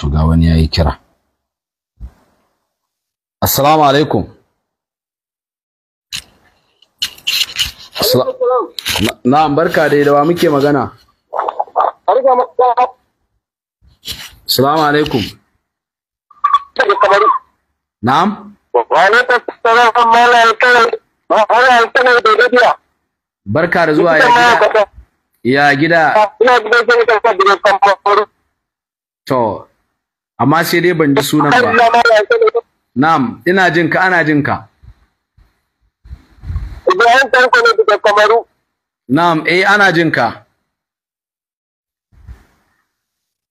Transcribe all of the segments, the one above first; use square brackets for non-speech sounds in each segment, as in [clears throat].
to ga wani yi kira assalamu alaikum Na barka dai da wa muke magana assalamu alaikum na'am barka da zuwa ya gida ya gida to amma sai dai ban ji sunan ba na'am ina jin ka ana jin ka Ibrahim Tanko ne daga Kamaru na'am eh ana jin ka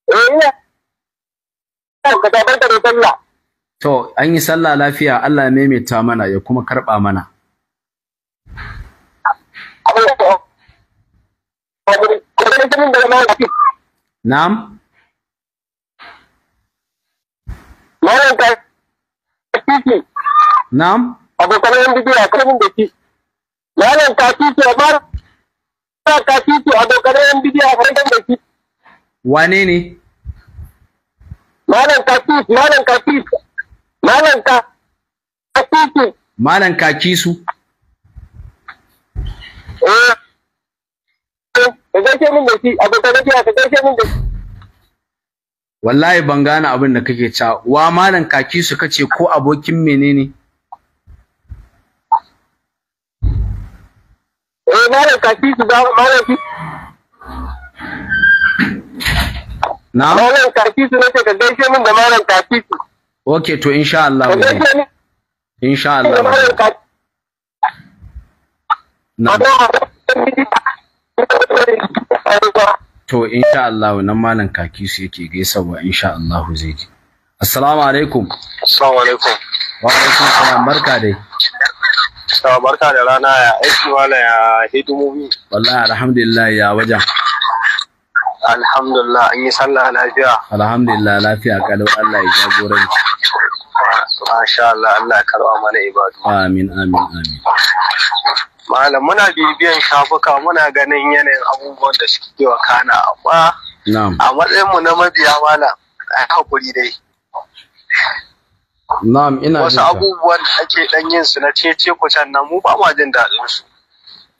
eh, To, an yi sallah lafiya Allah ya maimaita mana ya kuma karɓa mana. Na'am? Malam ta titi. Na'am. Abokan yan bidiyo akwai mun da shi. Malam ta titi amma ta ka titi abokan yan bidiyo akwai mun da shi. Wane ne? Malam ka titi, malam ka titi. Malam ka titi. Malam ka kisu. Eh. Ka gaishe mun da shi, abokan yan bidiyo ka gaishe mun da shi. wallahi ban gane abin da kake cewa wa malam kaki su kace ko abokin menene eh malam kaki su da malam na malam kaki su nace ka gaishe min da malam kaki su okay to insha Allah insha Allah na to insha Allah nan malam kaki su yake gaisawa insha Allah zai ji assalamu alaikum assalamu alaikum wa alaikum salam barka dai Sawa barka da rana ya aiki wala ya hidimomi. Wallahi alhamdulillah ya wajen. Alhamdulillah an yi sallah lafiya. Alhamdulillah lafiya kalau Allah ya jagoranci. Masha Allah Allah ya karba mana ibadu. Amin amin amin. malam muna bibiyan shafuka muna ganin yanayin abubuwan da suke kana amma a matsayinmu na mabiya malam a hakuri dai Na'am ina wasu abubuwan da ake dan yin su na cece can nan mu ba ma jin daɗin su.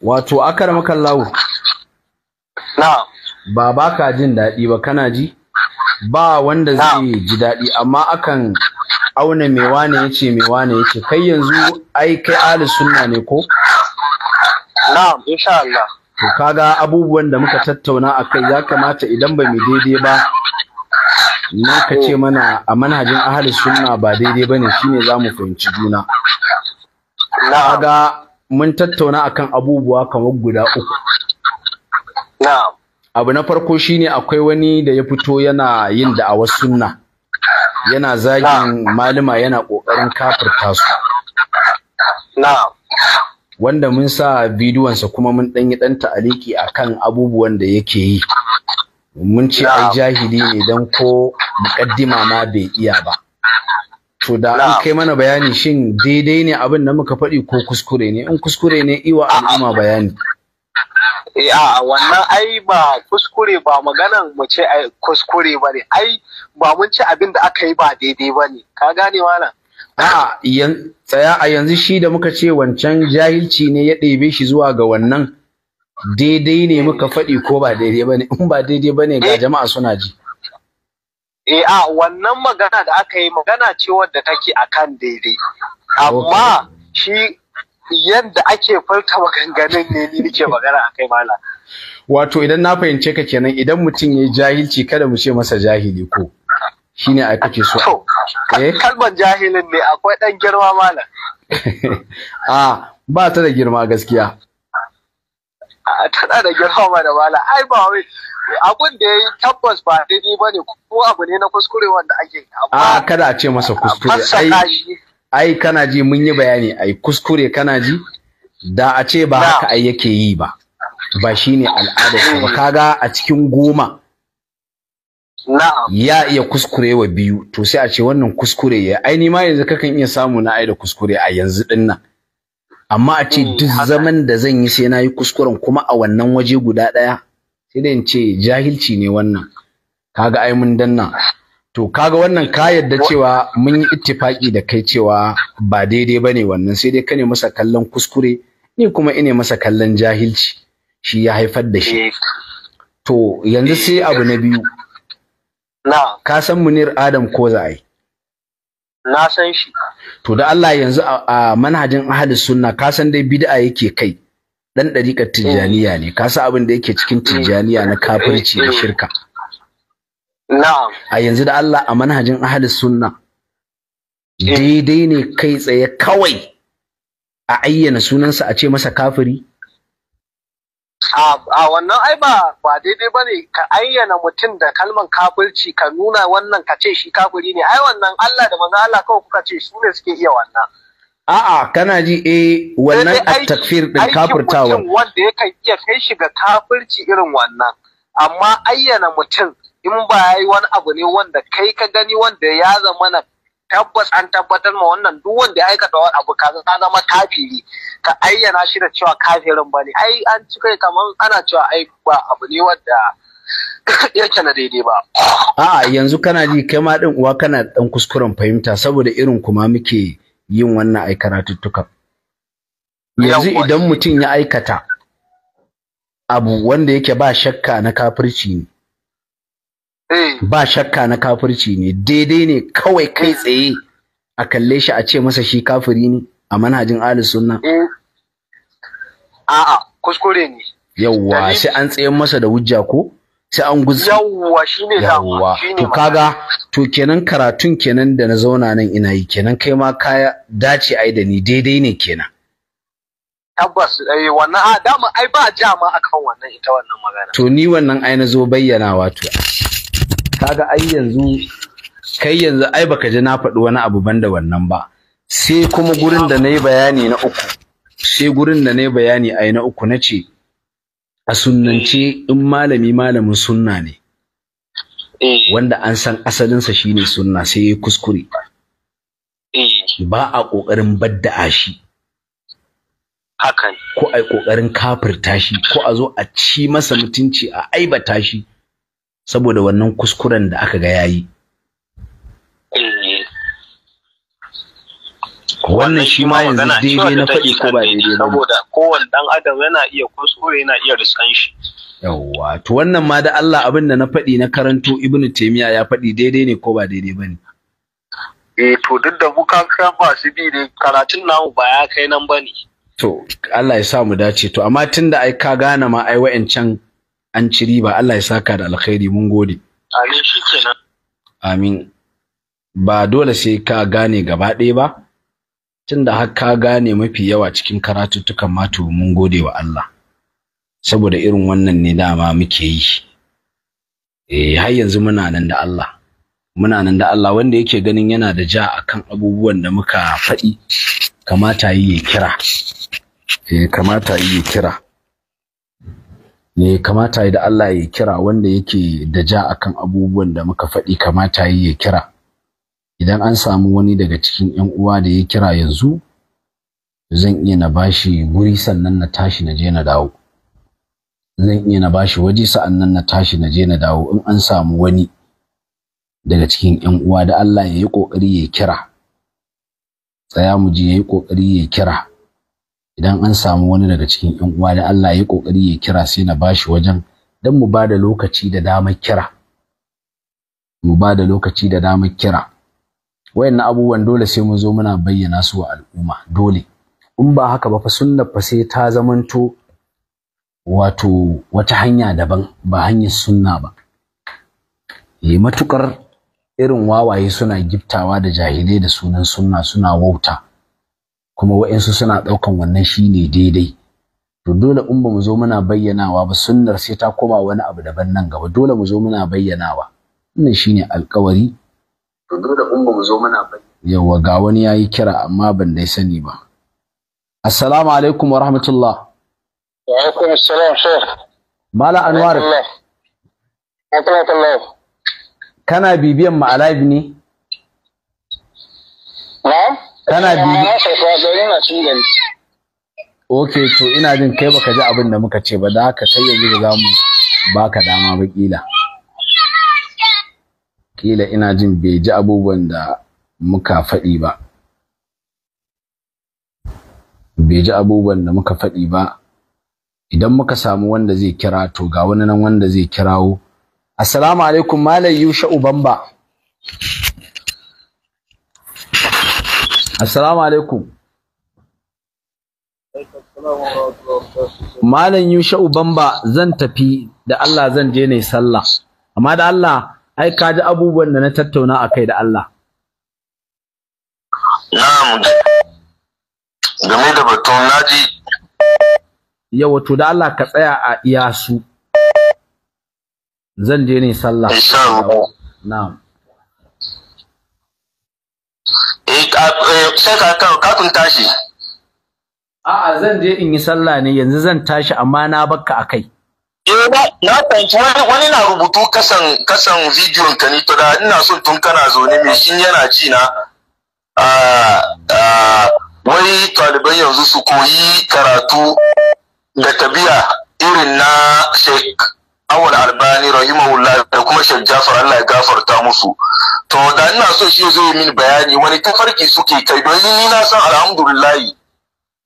Wato akar makallawo. Na'am. Ba ba ka jin daɗi ba kana ji? Ba wanda zai ji daɗi amma akan auna me wane mewa me wane ce kai yanzu ai kai ahli sunna ne ko? na'am insha Allah to kaga abubuwan da muka tattauna akai ya kamata idan ba mu daidai ba na ka ce mana a manhajin ahalin sunna ba daidai bane shine zamu fahimci juna kaga mun tattauna akan abubuwa kamar guda uku na'am abu na farko shine akwai wani da ya fito yana yin da'awar sunna yana zagin malama yana ƙoƙarin kafirta su na'am wanda mun sa bidiyonsa kuma mun ɗanyi ɗan ta'aliki a kan abubuwan da yake yi mun ce ai jahili ne don ko muƙaddima ma bai iya ba to da an kai mana bayani shin daidai ne abin da muka faɗi ko kuskure ne in kuskure ne iwa al'umma bayani eh, a wannan ai ba kuskure ba maganan mu ce ai kuskure ba ne ai ba mun ce abin da aka yi ba daidai ba ne ka gane wannan a'a tsaya a yanzu shi da muka ce wancan jahilci ne ya ɗebe shi zuwa ga wannan daidai ne muka faɗi ko ba daidai bane in ba daidai bane ga eh. jama'a suna ji eh a wannan magana da aka yi magana ce wadda take akan daidai amma shi yadda ake furta maganganun ne ni nake magana akai mala wato idan na fahimce ka kenan idan mutum ya yi jahilci kada mu ce masa jahili ko shine a kace so eh kalban jahilin ne akwai dan girma malam a [laughs] ah, ba ta da girma gaskiya tana da girma da mala ai ba wai abun da yayi tabbas ba daidai ba ne ko abu ne na kuskure wanda ake a ah, kada a ce masa kuskure ai ai kana ji mun yi bayani ai kuskure kana ji da a ce ba haka ai yake yi ba ba shine al'ada ba kaga a cikin goma ya iya kuskure wa biyu to sai a ce wannan kuskure ya ai ma yanzu kakan iya samu na aida kuskure a yanzu din nan amma a ce hmm, duk zaman da zan yi sai nayi kuskuren kuma a wannan waje guda ɗaya sai dai in ce jahilci ne wannan kaga ai mun danna to kaga wannan ka yadda cewa mun yi ittifaki da kai cewa ba daidai bane wannan sai dai kane masa kallon kuskure ni kuma ine masa kallon jahilci shi ya haifar da shi eh. to yanzu sai abu na biyu ka san munir adam ko za'ai na san shi to da Allah yanzu a manhajin ahli sunna ka san dai bid'a yake kai dan dariƙar Tijjaniya ne ka san abin da yake cikin Tijjaniya na kafirci da shirka na'am a yanzu da Allah a manhajin ahli sunna eh. daidai ne kai tsaye kawai a ayyana sunansa a ce masa kafiri a wannan ai ba ba daidai bane ka ayyana mutum da kalman kafirci ka nuna wannan ka ce shi kafiri ne ai wannan Allah da manzo Allah kawai kuka ce su ne suke iya wannan a'a kana ji eh wannan at-takfir din kafirtawa wanda yakan iya kai shi ga kafirci irin wannan amma ayyana mutum in ba yayi wani abu ne wanda kai ka gani wanda ya zama na tabbas an tabbatar ma wannan duk wanda ya aikata wani abu kaza ta zama kafiri ka ayyana shi da cewa kafirin ba ne ai an ci kai kamar ana cewa ai ba abu ne wanda [laughs] yake na daidai ba A'a, yanzu kana ji kai ma din uwa kana dan kuskuren fahimta saboda irin kuma muke yin wannan ai karatuttuka yanzu idan mutum ya aikata abu wanda yake ba shakka na kafirci ne Eh. ba shakka na kafirci ne daidai ne kawai kai tsaye a kalle shi a ce masa shi kafiri ne a manhajin ahlus sunna eh. a'a kuskure ne yawwa sai an tsayen masa da hujja ko sai an guzu yawwa shine yawwa to kaga to kenan karatun kenan da na zauna nan ina yi kenan kai ma ka dace ai da ni daidai ne kenan tabbas eh wannan a dama ai ba jama'a akan wannan ita wannan magana to ni wannan ai na zo bayyana wato kaga ai yanzu kai yanzu ai baka ji na faɗi wani abu banda wannan ba sai kuma gurin da nayi bayani na uku sai gurin da na bayani ai na uku nace a sunnance in malami malamin sunna ne eh. wanda an san asalinsa shine sunna sai ya kuskure eh. ba a ƙoƙarin badda'a shi hakan ko a ƙoƙarin kafirta shi ko a zo a ci masa mutunci a aibata shi saboda wannan kuskuren da aka ga yayi wannan shi ma yanzu daidai na faɗi ko ba daidai ba saboda kowanne dan adam yana iya kuskure yana iya riskan shi yawwa to wannan ma da Allah abin da na faɗi na karanto ibnu taymiya ya faɗi daidai ne ko ba daidai bane eh to duk da buka kan ba su bi ne karatun namu ba ya kai nan bane to Allah ya sa mu dace to amma tunda ai ka gane ma ai wa'ancan an ci riba Allah ya saka da alkhairi mun gode amin kenan. amin ba dole sai ka gane gaba ɗaya ba tunda har ka gane mafi yawa cikin karatuttukan ma to mun gode wa Allah saboda irin wannan ne dama muke yi eh har yanzu muna nan da Allah muna nan da Allah wanda yake ganin yana da ja akan abubuwan da muka faɗi kamata yi kira eh kamata yi ya kira ne kamata yi da Allah ya kira wanda yake da ja akan abubuwan da muka faɗi kamata yi ya kira idan an samu wani daga cikin yan uwa da ya kira yanzu zan iya na bashi guri sannan na tashi na je na dawo zan iya na bashi waje sa'annan na tashi na je na dawo in an samu wani daga cikin yan uwa da Allah ya yi kokari ya kira tsaya mu je ya yi kokari ya kira idan an samu wani daga cikin yan uwa da Allah ya kokari ya kira sai na bashi wajen dan mu ba shi lokaci da damar kira mu ba da lokaci da damar kira wayannan abubuwan dole sai mu zo muna bayyana su wa al'umma dole in ba haka ba fa sunnar fa sai ta zamanto wato wata hanya daban ba hanyar sunna ba yi eh, matukar irin wawaye suna giftawa da jahilai da sunan sunna suna wauta kuma wa'insu suna ɗaukan wannan shine daidai to dole in ba mu zo muna bayyanawa ba sunnar sai ta koma wani abu daban nan gaba dole mu zo muna bayyanawa wannan shine alkawari to dole in ba mu zo muna yawa ga wani yayi kira amma ban dai sani ba assalamu alaikum wa rahmatullah wa alaikum assalam sheikh mala anwar kana bibiyan mu ne na'am kana bi na okay to ina jin kai baka ji abin da muka ce ba da haka sai yanzu za zamu baka dama ba kila kila ina jin bai ji abubuwan da muka faɗi ba bai ji abubuwan da muka faɗi ba idan muka samu wanda zai kira to ga wani nan wanda zai kirawo assalamu alaikum malam yusha ubamba Assalamu alaikum. Malam Yusha'u Bamba zan tafi da Allah zan je ne sallah. Amma da Allah ai ka ji abubuwan da na tattauna a kai da Allah. Na'am. Game da batun naji. Ya wato da Allah ka tsaya a iyasu. Zan je ne sallah. Insha Allah. Na'am. Eh, eh, sai ka kun tashi a'a zan je in yi sallah ne yanzu zan tashi amma na bakka akai eh, na fahimci wani na rubutu kasan kasan bidiyon ka ni to da ina son tun kana zaune me. shin yana ji na ah, ah, wai ɗaliban yanzu su koyi karatu da tabiya irin na Sheikh Awal Albani rahimahullah da kuma Sheikh Jafar Allah ya gafarta musu to da ina so shi zai mini bayani wani tafarki suke kai don ni na san alhamdulillahi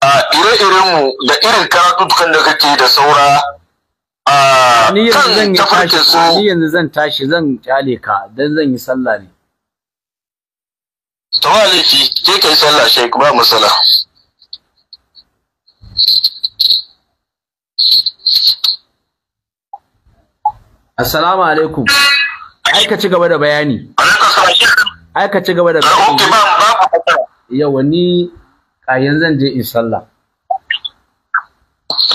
a ire-iren mu da irin dukan da kake da saura a kan tafarki su ni yanzu zan tashi zan kyale ka dan zan yi sallah ne To tawalifi ke kai sallah shi ba masala Assalamu alaikum. ai ka ci gaba da bayani ai ka ci gaba da bayani yawa ni kayan zan je in sallah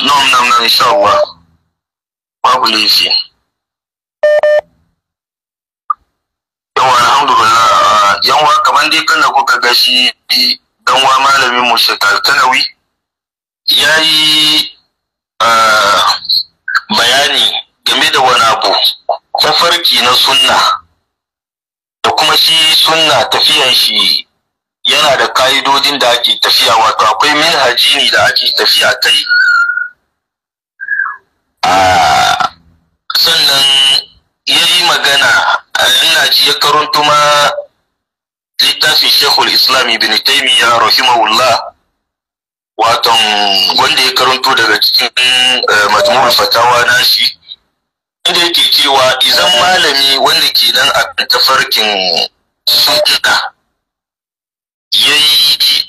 nom nom nom insha Allah babu laifi yawa alhamdulillah yawa kamar dai kana kuka ga shi dan wa malamin mu shekar tanawi yayi ah, bayani game da wani abu tafarki na sunna da kuma shi sunna tafiyan shi yana da ka'idodin da ake tafiya wato akwai minhaji ne da ake tafiya kai sannan ya yi magana a ji ya karanto ma littafin shekul islami ibn taimiyya rahimahullah waton wanda ya karanto daga cikin eh, majmu'ul fatawa na shi da yake cewa izan malami wanda ke nan a tafarkin sunna ya yi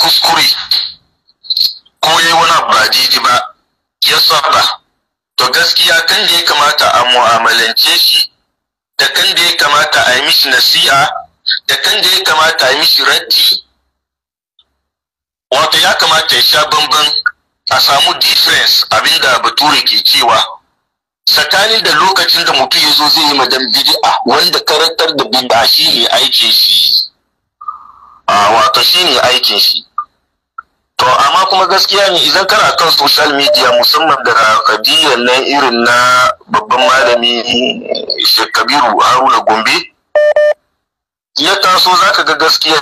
kuskure ko ya wani abu ba jiji ba ya saba to gaskiya kan da ya kamata a mu'amalance shi da kan da ya kamata a yi mishi nasi'a da kan da ya kamata a yi mishi raddi wato ya kamata ya sha bamban a samu difference abinda bature ke cewa Sakani da lokacin da mutum ya zo zai yi madan bid'a wanda karantar da bid'a shi ne aikin shi wato shi ne aikin shi to amma kuma gaskiya ne idan kana kan social media musamman da kadiyar nan irin na babban malami kabiru haruna gombe ya taso za ka ga gaskiya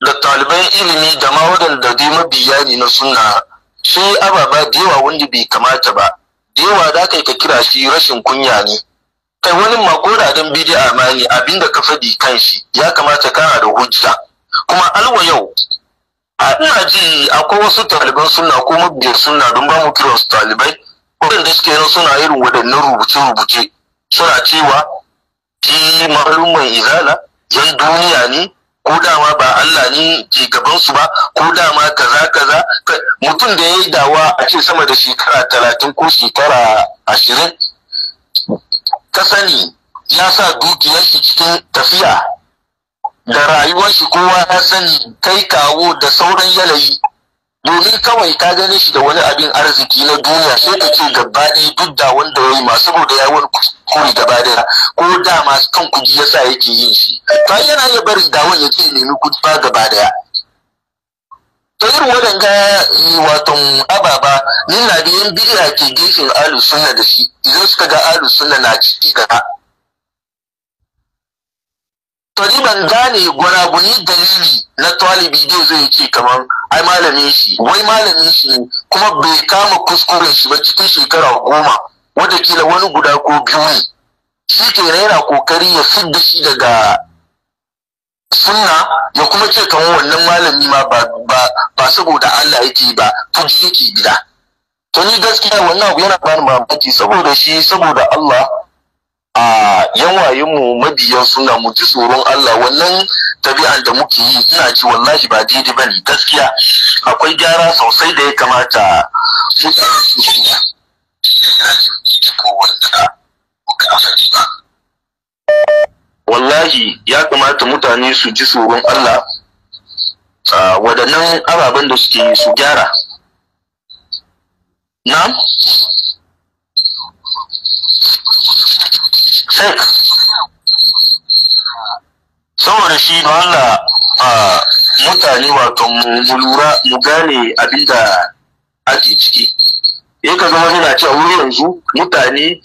da taliban ilimi da ma waɗanda dai mabiya ne na suna sun yi ababa da yawa wanda bai kamata ba da yawa za ka yi ka kira shi rashin kunya ne kai wani ma ko da dan bidi'a ma ne abinda ka faɗi kan shi ya kamata kana da hujja kuma alwa yau a ina ji akwai wasu taliban suna ko mabiyar suna don ba mu kira wasu talibai waɗanda suke yin suna irin waɗannan rubuce-rubuce suna cewa shi malumin izala yan duniya ne ko dama ba Allah ne ke gaban su ba ko dama kaza kaza mutum da yayi dawa a ce sama da shekara talatin ko shekara ashirin ka sani ya sa dukiyar shi cikin tafiya da rayuwar shi kowa ya sani kai kawo da sauran yanayi domin kawai ka gani shi da wani abin arziki na duniya sai ka ce gaba ɗaya duk da wanda ya yi ma saboda ya wani kuri gaba ɗaya ko da masu kan kuɗi ya sa yake yin shi ta yana iya bari da wani ya ce nemi kuɗi ba gaba ɗaya ta irin waɗanda eh, watan ababa ni na da ke gefen alu sunna da shi idan suka ga alu sunna na ciki gaba to ban gane gwanaguni dalili na talibi dai zai ce kaman ai malamin shi wai malamin shi ne kuma bai kama kuskuren shi ba cikin shekara goma kila wani guda ko biyu ne shi ke yana kokari ya fidda shi daga sunna ya kuma ce kaman wannan malami ma ba saboda Allah yake ba fuji yake gida to ni gaskiya wannan abu yana bani mamaki saboda shi saboda Allah a yan wayenmu mu mabiyan suna mu ji tsoron Allah wannan tabi'an da muke yi ina ji wallahi ba daidai ba ne gaskiya akwai gyara sosai da ya kamata wallahi ya kamata mutane su ji tsoron Allah waɗannan ababen da suke su gyara na sai saboda shi da Allah a mutane wato mu lura mu gane abinda ake ciki ya ka zama yana cewa wuri yanzu mutane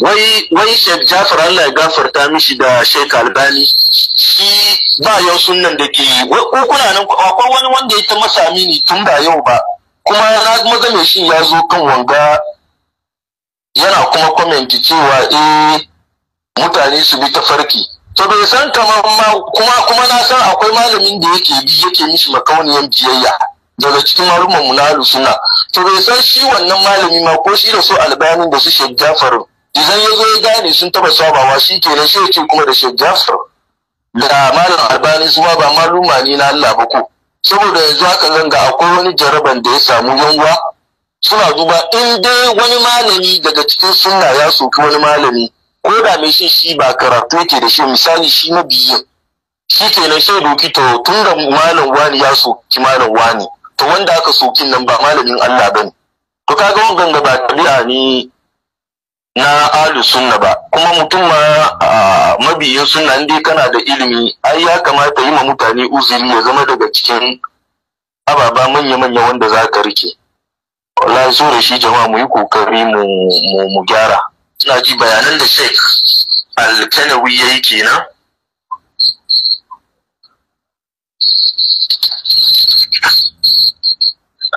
wai wai shek Jafar Allah ya gafarta mishi da shek Albani shi ba yau sunan da ke yi wai kuna nan akwai wani wanda ya ta masa mini tun ba yau ba kuma na maza mai shi ya zo kan wanga yana kuma kwamenti cewa eh mutane su bi ta farki to bai san kamar ma kuma kuma na san akwai malamin da yake bi yake mishi makauniyan biyayya daga cikin malumman mu na suna to bai san shi wannan malami ma ko shi da su albanin da su shek Jafar idan ya zo ya gane sun taba sabawa shi ke na shi ce kuma da shek Jafar da malam albani su ba maluma ne na Allah ba ko saboda yanzu haka zanga akwai wani jaraban da ya samu yunwa suna duba in dai wani malami daga cikin sunna ya soki wani malami ko da mai shi shi ba karatu yake da shi misali shi biyu shi kenan shi doki to tun da malam wani ya soki malam wani to wanda aka sokin nan ba malamin Allah ba ne. to kaga wannan da ba tabi'a ne na alu sunna ba kuma mutum ma mabiyin sunna in kana da ilimi ai ya kamata yi ma mutane uzuri ya zama daga cikin ababa manya-manya wanda za ka rike wallahi so da shi jama'a mu yi kokari mu gyara ina ji bayanan da shek Al-Kanawi yayi kenan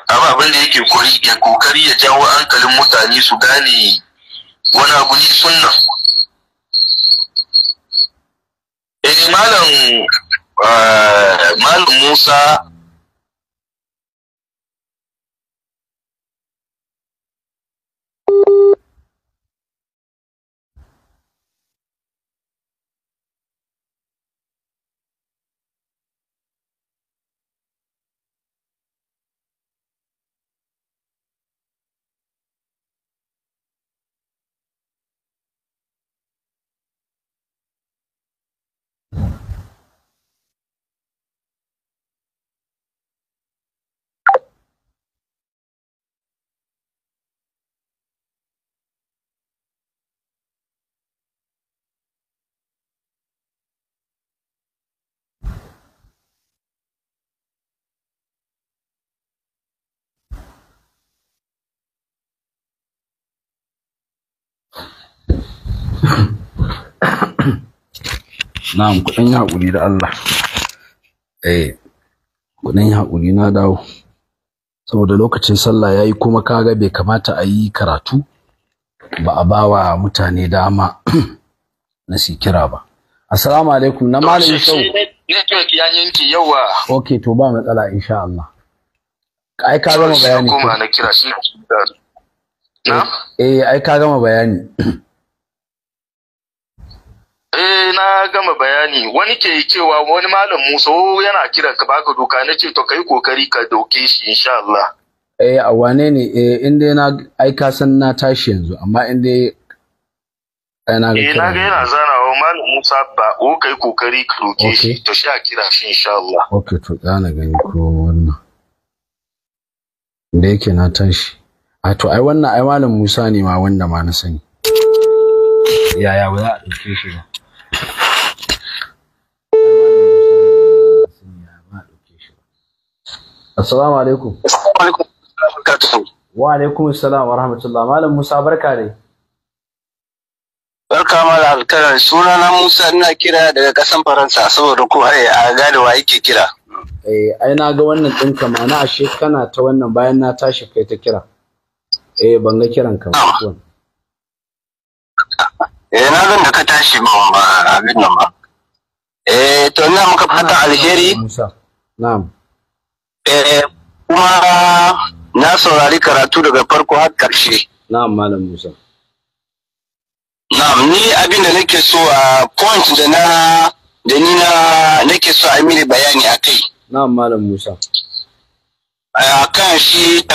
amma abin da yake ya kokari ya jawo hankalin mutane su gane wani abu ni sunna eh malam eh, malam Musa na'am kuɗin haƙuri da Allah eh kuɗin haƙuri na dawo saboda lokacin sallah ya yi kuma kaga bai kamata a yi karatu ba a ba wa mutane dama [clears throat] na su kira ba assalamu alaikum na malam shau network ya yanke yawa okay to ba matsala insha Allah ai ka gama bayani ko na kira shi eh ai ka gama bayani [clears throat] eh na gama bayani wani ke cewa wani malam Musa oh, yana kiran ka baka doka na ce to kai kokari ka doke shi insha Allah eh a wane ne eh in dai na aika san na tashi yanzu amma in dai ai na ga eh na ga yana zanawa malam Musa ba o oh, kai kokari ka doke shi to shi a kira shi insha Allah okay to na gani ko wannan da yake na tashi a to ai wannan ai malam Musa ne ma wanda ma na sani yaya ba za a ɗauke shi ba Assalamu alaikum. Wa alaikum assalam wa rahmatullah. Malam Musa barka ne. Barka mala alkaran suna na Musa ina kira daga kasan Faransa saboda ko ai a gane wa yake kira. Eh ai na ga wannan din ka ashe kana ta wannan bayan na tashi kai ta kira. Eh ban ga kiran ka ba. eh na zan da ka tashi ba abin nan ba eh to ina muka fata alheri na'am eh kuma na saurari karatu daga farko har karshe na'am malam Musa na'am ni abin da nake so a point da na da ni na nake so a mini bayani akai na'am malam Musa a kan shi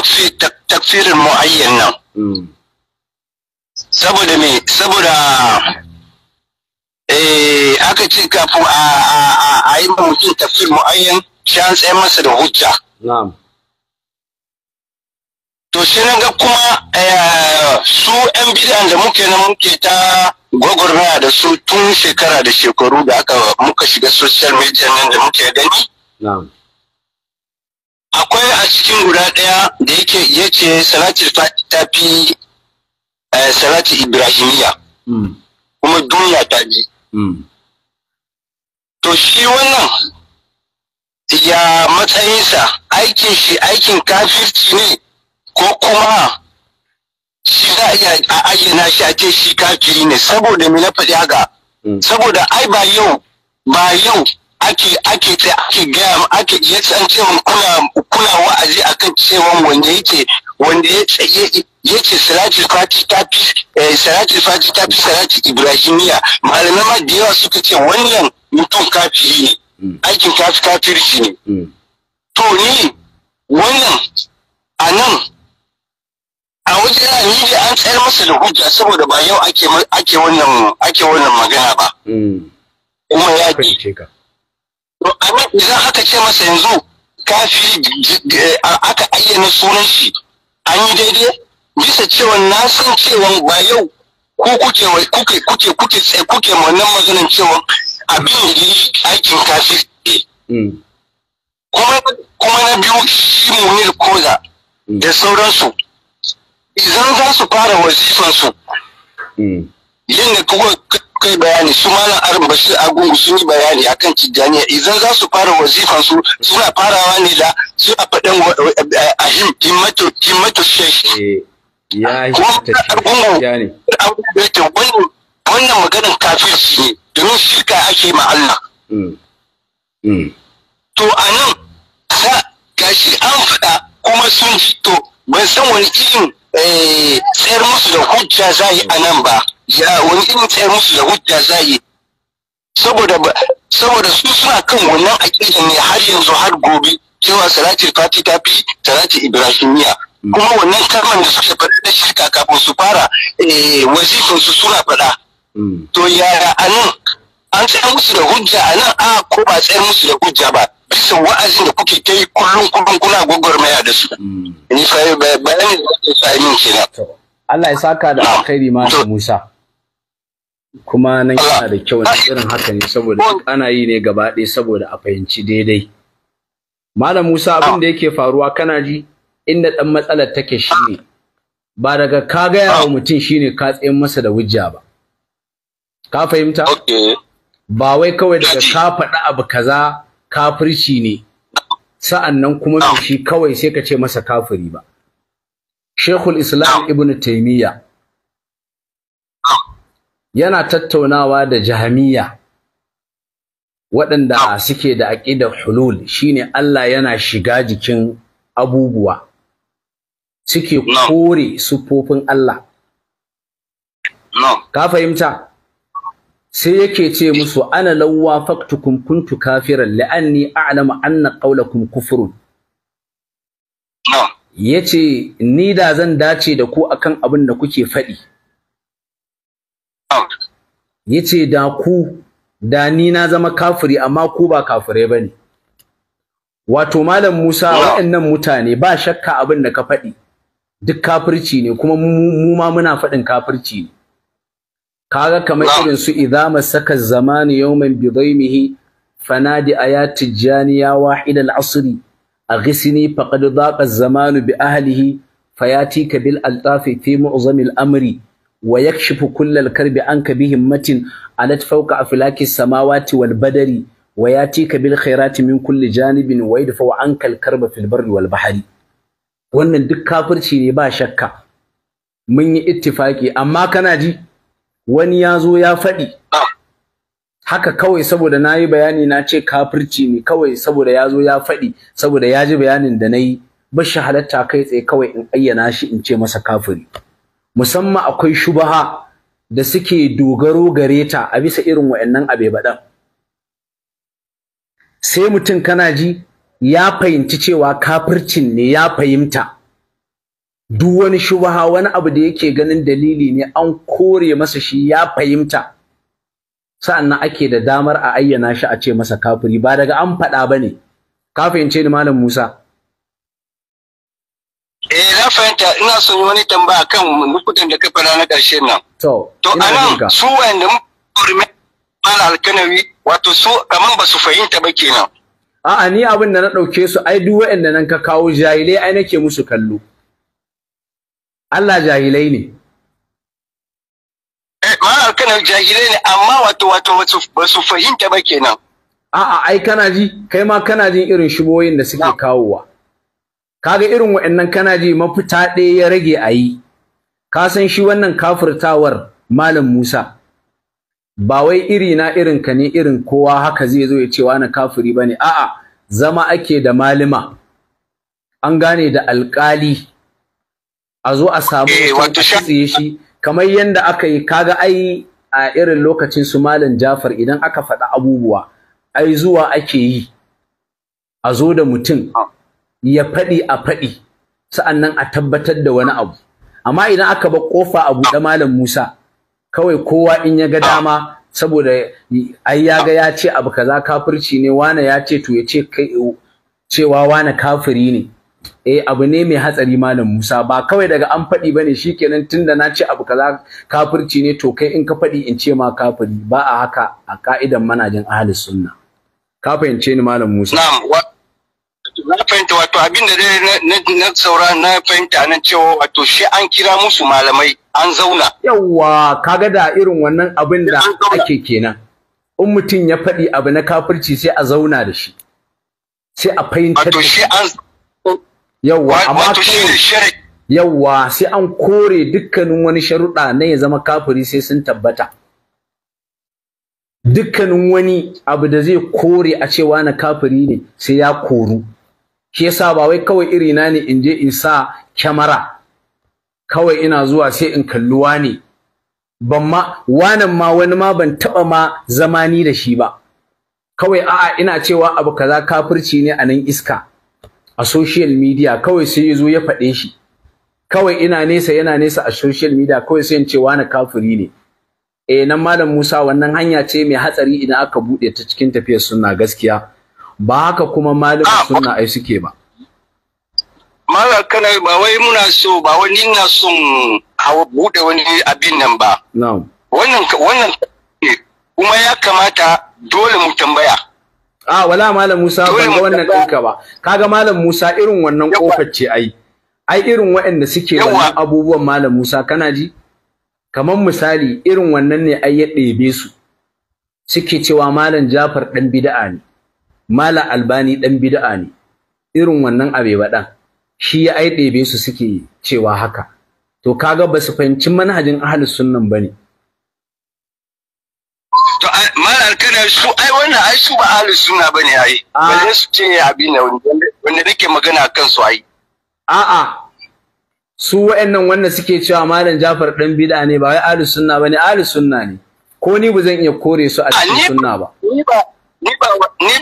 tafsirin mu'ayyan nan mm. saboda me saboda eh aka ce kafin a a yi mutum tafsir mu'ayyan shi an tsaye masa da hujja na'am to shi nan ga kuma eh, su yan bidan da muke nan muke ta gwagwarmaya da su tun shekara da shekaru da aka muka shiga social media nan da muke gani akwai a cikin guda ɗaya da yake yace salatul fati ta fi Eh, salati ibrahimiya hmm. kuma duniya ta ne hmm. to shi wannan ya matsayinsa aikin shi aikin kafirci ne ko kuma shi za a ayyana shi a ce shi kafiri ne saboda mai na faɗi haka hmm. saboda ai ba yau ba yau ake ake ta ake gaya ake ya san cewa kula kuna wa'azi akan cewa wanda yake wanda ya tsaye yace salati fati ta fi eh, salati fati ta fi ibrahimiya malamai ma da yawa suka ce wannan mutum kafiri ne hmm. aikin kafi kafirci ne hmm. to ni wannan a nan a waje na ni da an tsayar masa da hujja saboda ba yau ake wannan magana ba hmm. kuma ya ce amma idan aka ce masa yanzu kafi eh, aka ayyana sunan shi an yi daidai bisa cewa na san cewa ba yau ko kuke kuke kuke kuke kuke wannan maganin cewa abin da yi aikin kafiri hmm. kuma kuma na biyu shi munir koza hmm. da sauransu idan za su fara wazifansu hmm. yin da kuka kai bayani su malam arin bashir agungu sun yi bayani akan tijjaniya idan za su fara wazifan su suna farawa ne da suna faɗin eh, eh, ahim himmato shesh eh, ya wannan maganin kafirci ne domin shirka ake ma Allah mm, mm. to anan sa gashi an faɗa kuma sun ji to ban san wani irin tsayar musu da hujja za yi a nan ba ya wani irin tsaye musu da hujja za yi saboda saboda su suna kan wannan aƙirƙin ne har yanzu har gobe cewa salatin fati ta fi salatin ibrahimiya kuma wannan kalman da suke faɗi da shirka kafin su fara wazifin su suna faɗa to yaya nan an tsaye musu da hujja a nan, a ko ba tsaye musu da hujja ba bisa wa'azin da kuke ta yi kullum kullum kuna gwagwarmaya da su ni fa bayani da ke sa min kenan Allah ya saka da alkhairi ma Musa kuma nan ah. yana da kyau na irin haka ne saboda ah. ana yi ne gaba ɗaya saboda a fahimci daidai malam musa abin ah. da yake faruwa kana ji inda ɗan matsalar take shine ba daga ka gaya wa mutum shine ka tsayin masa da hujja ba ka fahimta ba wai kawai daga ka faɗi abu kaza kafirci ne sa'annan kuma shi kawai sai ka ce masa kafiri ba shekul islam ibn taimiyya yana tattaunawa da jahamiya waɗanda suke da aƙidar hulul shine Allah yana shiga jikin abubuwa suke kore sufofin Allah ka fahimta sai yake ce musu ana lawwa faktukum kuntu kafiran la'anni a'lamu anna qawlakum kufrun yace ni da zan dace da ku akan abin da kuke faɗi Ya ce da ku da ni na zama kafiri amma ku ba kafirai ne. wato malam Musa waɗannan mutane ba shakka abin da ka faɗi duk kafirci ne kuma mu ma muna faɗin kafirci ne kaga kamar irin su idza masaka zamanu yawman bidaymihi fanadi ayat tijaniya wahid al-asr aghisni faqad daqa az-zamanu bi ahlihi fayatika bil altafi fi mu'zami al-amri wa yakshifu kullal karbi anka bi himmatin alat fawqa aflaki samawati wal badari wa yatika bil khairati min kulli janibin wai yadfa'u anka al karba fil barri wal bahri wannan duk kafirci ne ba shakka mun yi ittifaki amma kana ji wani ya zo ya faɗi haka kawai saboda na yi bayani na ce kafirci ne kawai saboda ya zo ya faɗi saboda ya ji bayanin da na yi bashi halatta kai tsaye kawai in ayyana shi in ce masa kafiri musamman akwai shubaha da suke dogaro gare ta a bisa irin wa'annan abebaɗan sai mutum kana ji ya fahimci cewa kafircin ne ya fahimta duk wani shubaha wani abu da yake ganin dalili ne an kore masa shi ya fahimta sa'annan ake da damar a ayyana shi a ce masa kafiri ba daga an faɗa ba ne ka fahimce ni malam musa Eh na fahimta ina son wani tambaya kan nukutan da ka fara na ƙarshen nan. To, to anan su wanda mala alkanawi wato su kaman ba su fahimta ba kenan. A'a ni abin da na ɗauke su ai duk waɗanda nan ka kawo jahilai ai nake musu kallo. Allah jahilai ne. Eh mala alkanawi jahilai ne amma wato wato ba su fahimta ba kenan. A'a ai kana ji kai ma kana jin irin shiboyin da suke kawowa. kaga irin wa'annan kana ji mafita ɗaya ya rage a yi ka san shi wannan kafurtawar malam Musa ba wai iri na irin ka ne irin kowa haka zai zo ya ce kafuri ba ne. a'a zama ake da malima an gane da alƙali a zo a samu eh, a shi kamar yadda aka yi kaga ai a irin lokacin su malam Jafar idan aka faɗa abubuwa ai zuwa ake yi a zo da mutum ah. ya faɗi a faɗi sa'annan a tabbatar da wani abu amma idan aka bar kofa a buɗe malam Musa kawai kowa in ya ga dama saboda ai ya ga ya ce abu kaza kafirci ne wane ya ce to ya ce kai cewa wane kafiri ne eh abu ne mai hatsari malam Musa ba kawai daga an faɗi bane shikenan tunda na ce abu kaza kafirci ne to kai in ka faɗi in ce ma kafiri ba a haka a ka'idan manajin ahli sunna ka fahimce ni malam Musa na fahimta wato abin da dai na saura na fahimta nan cewa wato shi an kira musu malamai an zauna yawa kaga da irin wannan abin da ake kenan in mutum ya faɗi abu na kafirci sai a zauna da shi sai a fahimtar da shi yawa amma yawa sai an kore dukkanin wani sharuɗa na ya zama kafiri sai sun tabbata dukkanin wani abu da zai kore a cewa na kafiri ne sai ya koru shi yasa ba wai kawai iri na ne in je in sa kyamara kawai ina zuwa sai in kalli wane ban ma wanan ma wani ma ban taba ma zamani da shi ba kawai a'a ina cewa abu kaza kafirci ne a nan iska a social media kawai sai ya zo ya faɗe shi kawai ina nesa yana nesa a social media kawai sai in ce wani kafiri ne eh nan malam Musa wannan hanya ce mai hatsari idan aka bude ta cikin tafiyar sunna gaskiya ba haka kuma malamin ah, sunna ai suke ba mala kana ba wai muna so ba wani na son hawa bude wani abin nan ba wannan wannan kuma ya kamata dole mu tambaya a ah, wala malam Musa ban ga wannan dinka ba kaga malam Musa irin wannan kofar ce ai ai irin waɗanda suke wannan abubuwan malam Musa kana ji kamar misali irin wannan ne ai ya ɗebe su suke cewa malam Jafar ɗan bid'a ne mala albani dan bid'a ne irin wannan abe baɗan shi ya ai ɗebe su suke cewa haka to kaga ba su fahimci manhajin ahlus sunnan bane to mala alkana su ai wannan ai su ba ahlus sunna bane ai ah. balle su ce ya abin wanda nake magana kan su ai a'a su wa'annan wanda suke cewa malam Jafar dan bid'a ne ba wai ahlus sunna bane ahlus sunna ne ko ni ba zan iya kore su a cikin sunna ba ni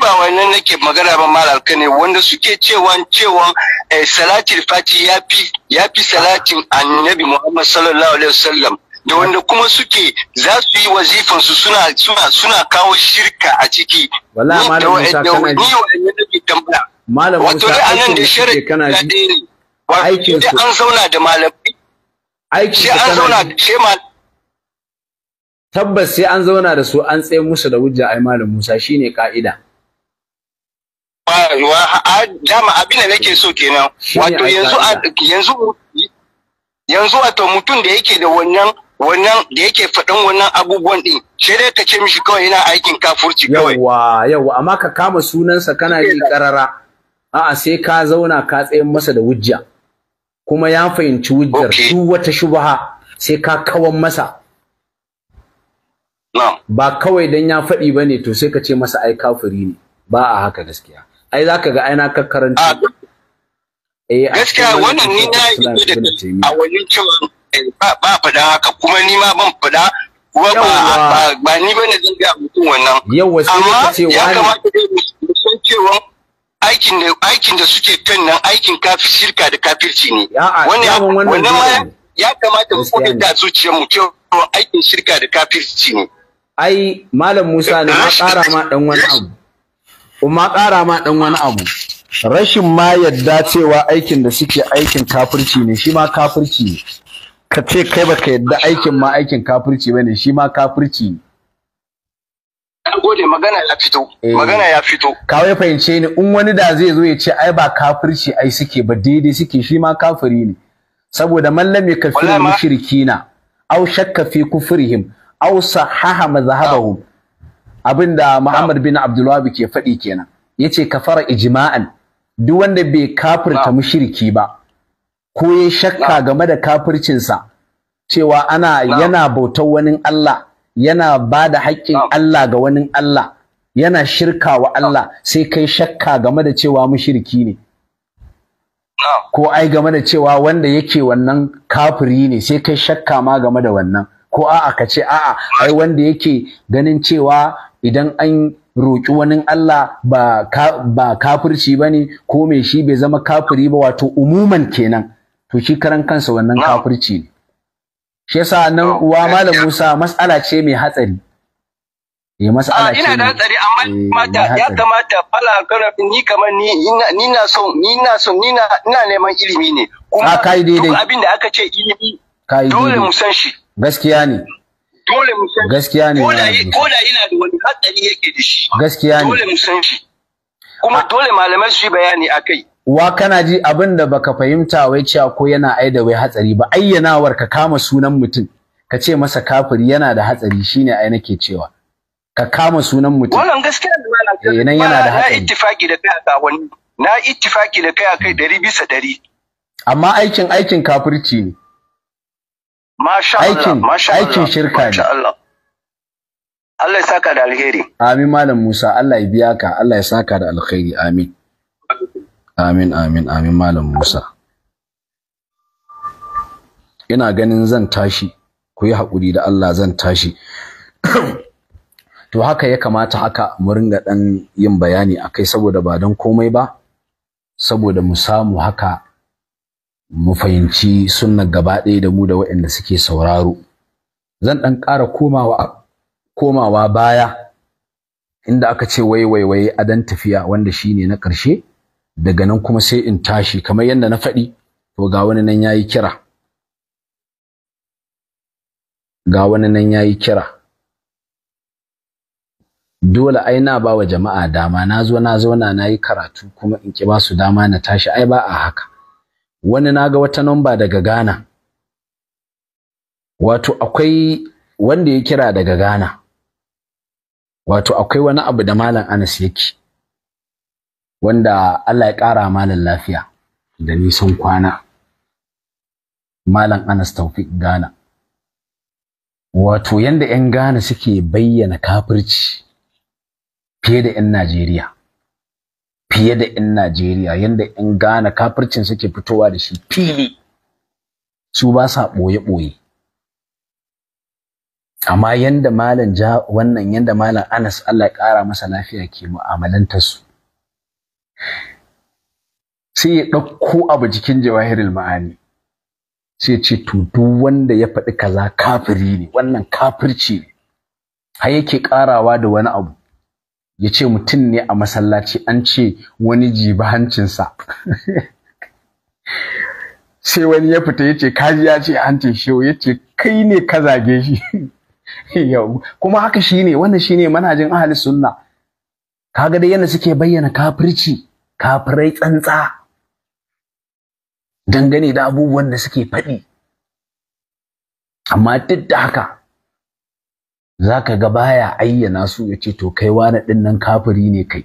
ba wannan nake magana ba mal alkane wanda suke cewa cewa eh, salatul fati yafi yafi salatin annabi Muhammad sallallahu alaihi wasallam da wanda kuma suke za su yi wazifan su suna suna suna kawo shirka a ciki wallahi malam Musa kana ji malam Musa anan da sharadi kana ji aikin su an zauna da malamai aikin su kana ji tabbas sai an zauna da su an tsaye musu da hujja ai malam Musa shine ka'ida wa dama abin da nake so kenan wato yanzu yanzu yanzu wato mutum da yake da wannan wannan da yake faɗin wannan abubuwan ɗin sai dai ka ce mishi kawai yana aikin kafurci kawai yawa yawa amma ka kama sunansa kana yi karara a'a sai ka zauna ka tsaye masa da wujja kuma ya fahimci wujjar duk wata shubaha sai ka kawan masa ba kawai dan ya faɗi ba ne to sai ka ce masa ai kafiri ne ba a haka gaskiya ai za ka ga ai na kakkaranta ah, eh, gaskiya wannan ni na yi da a wani cewa eh, ba faɗa haka kuma ni ma ban faɗa kuma ba ba ni ba zan ga mutum wannan amma ya kamata dai mu san cewa aikin da aikin da suke kan nan aikin kafir shirka da kafirci ne wannan wannan ma ya kamata mu kuɗa zuciyarmu cewa aikin shirka da kafirci ne ai malam Musa ne ma ƙara ma dan wani abu kuma ƙara ma dan wani abu rashin ma yadda cewa aikin da suke aikin kafirci ne shi ma kafirci ne ka ce kai baka yadda aikin ma aikin kafirci bane shi ma kafirci ne gode magana ya fito eh. magana ya fito kawai fahimce ni in wani da zai zo ya ce ai ba kafirci ai suke ba daidai suke shi ma kafiri ne saboda mallam ya kafiru mushrikina aw shakka fi kufrihim ausa sahaha mazhabahu abinda Muhammad bin Abdul Wahab ke faɗi kenan yace kafara ijma'an duk wanda bai kafirta mushriki ba ko ya shakka game da kafircinsa cewa ana yana bautar wani Allah yana ba da haƙƙin Allah ga wani Allah yana shirka wa Allah sai kai shakka game da cewa mushriki ne ko ai game da cewa wanda yake wannan kafiri ne sai kai shakka ma game da wannan ko a'a ka ce a'a ai wanda yake ganin cewa idan an roƙi wani Allah ba kafirci ba ne ko mai shi bai zama kafiri ba wato umuman kenan to shi karan kansa wannan kafirci ne shi yasa nan uwa malam Musa mas'ala ce mai hatsari Ya eh, mas'ala ah, ce ina da hatsari amma eh, ya kamata fala karafi ni kamar ni ni na so ni na so ni na ina neman ilimi ne kuma ah, duk abin da aka ce ilimi dole mu san shi gaskiya ne dole mu san gaskiya ne ko da yana da wani hatsari yake da shi gaskiya ne dole mu san shi kuma dole malamai su yi bayani akai wa kana ji abin da baka fahimta wai cewa ko yana ai da wai hatsari ba ayyanawar ka kama sunan mutum ka ce masa kafiri yana da hatsari shine ai nake cewa ka kama sunan mutum wannan gaskiya ne malamai eh, nan yana da hatsari na ittifaki da kai a wani na ittifaki da kai a kai 100 bisa 100 amma aikin aikin kafirci ne aikin shirka ne Allah ya saka da alheri amin malam Musa Allah ya biya ka Allah ya saka da alheri amin amin amin amin malam Musa ina ganin zan tashi ku yi haƙuri da Allah zan tashi [coughs] to haka ya kamata haka mu ringa ɗan yin bayani a kai saboda ba don komai ba saboda mu samu haka mu fahimci gaba ɗaya da mu da waɗanda suke sauraro zan ɗan ƙara komawa baya inda aka ce wai wai wai dan tafiya wanda shi ne na ƙarshe daga nan kuma sai in tashi kamar yadda na faɗi to ga wani nan yayi kira ga wani nan yi kira dole ai na ba wa jama'a dama na zo na zauna na yi karatu kuma in ki ba su dama na tashi ai ba a haka wani naga wata namba daga Ghana wato akwai wanda ya kira daga Ghana wato akwai wani abu da malam Anas yake wanda Allah ya ƙara malam lafiya da nisan kwana malam Anas Taufik Ghana wato yanda 'yan Ghana suke bayyana kafirci fiye da 'yan Najeriya fiye da 'yan Najeriya yanda 'yan Ghana kafircin suke fitowa da shi fili su ba sa ɓoye-ɓoye amma yanda malam ja wannan yanda malam Anas Allah ƙara masa lafiya ke mu'amalantar su sai ya ɗauko abu jikin jawahirul ma'ani sai ce to duk wanda ya faɗi kaza kafiri ne wannan kafirci ne har yake ƙarawa da wani abu ya ce mutum ne a masallaci an ce wani jibi hancinsa [laughs] sai wani ya fita ya ce kaji ya ce hancin shehu ya ce kai ne ka zage shi [laughs] kuma haka shi ne wannan shi ne manajin ahli sunna kaga dai yana suke bayyana kafirci kafirai tsantsa dangane da abubuwan da suke faɗi amma duk da haka zaka ga baya ayyana su yace to kai wani ɗin nan kafiri ne kai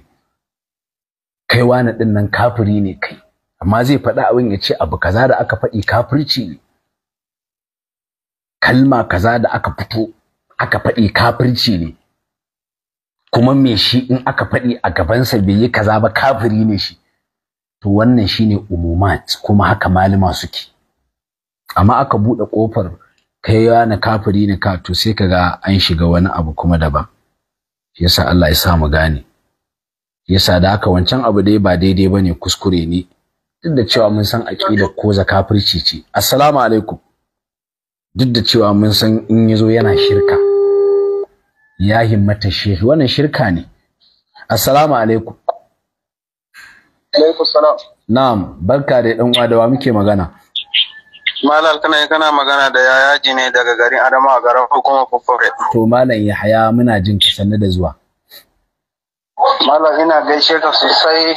kai wani ɗin nan kafiri ne kai amma zai faɗi abin yace ce abu kaza da aka faɗi kafirci ne kalma kaza da aka fito aka faɗi kafirci ne kuma me shi in aka faɗi a gabansa bai yi kaza ba kafiri ne shi to wannan shine umumat kuma haka malama suke amma aka buɗe ƙofar kai ya na kafiri ne ka to sai kaga an shiga wani abu kuma daban yasa Allah ya sa mu gane yasa da haka wancan abu dai ba daidai bane kuskure ne duk da cewa mun san aqida ko zakafirci ce assalamu alaikum duk da cewa mun san in yazo yana shirka ya himmata shehu wannan shirka ne assalamu alaikum alaikum salam na'am barka da dan uwa da wa muke magana Malal, kana kana magana da ya yaji ne daga garin Adama a garin hukumar Fufure. To Malam Yahaya muna jin ka sanne da zuwa. Malam ina gaishe ka sosai.